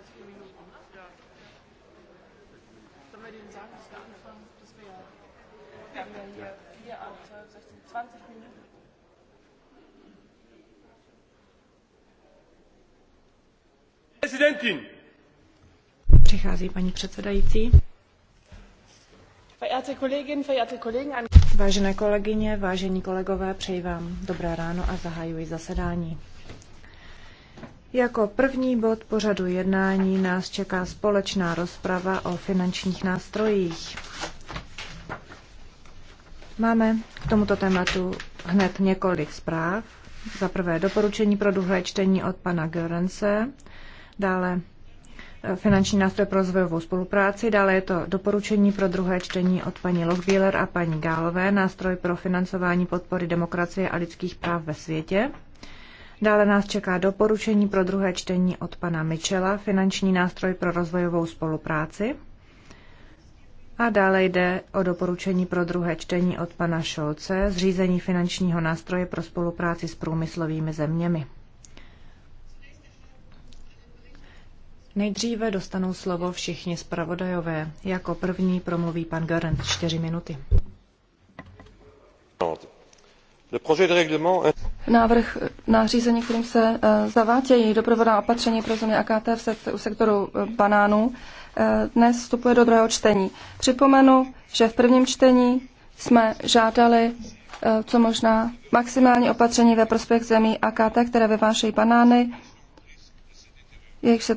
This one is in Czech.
25 Minuten, ne? Ja. Sollen wir denen sagen, dass wir anfangen, dass wir wir haben ja hier 4, 8, 12, 16, 20 Minuten. Präsidentin! Přichází paní předsedající. Verehrte Kolleginnen, verehrte Kollegen, Vážené kolegyně, vážení kolegové, přeji vám dobré ráno a zahajuji zasedání. Jako první bod pořadu jednání nás čeká společná rozprava o finančních nástrojích. Máme k tomuto tématu hned několik zpráv. Za prvé doporučení pro druhé čtení od pana Görence, dále eh, finanční nástroj pro rozvojovou spolupráci, dále je to doporučení pro druhé čtení od paní Lochbieler a paní Gálové, nástroj pro financování podpory demokracie a lidských práv ve světě. Dále nás čeká doporučení pro druhé čtení od pana Michela, finanční nástroj pro rozvojovou spolupráci. A dále jde o doporučení pro druhé čtení od pana Šolce, zřízení finančního nástroje pro spolupráci s průmyslovými zeměmi. Nejdříve dostanou slovo všichni zpravodajové. Jako první promluví pan Garant čtyři minuty. No, Návrh nařízení, kterým se eh, zavádějí doprovodná opatření pro země AKT v sektoru eh, banánů, eh, dnes vstupuje do druhého čtení. Připomenu, že v prvním čtení jsme žádali co možná maximální opatření ve prospěch zemí AKT, které vyvážejí banány, jejich se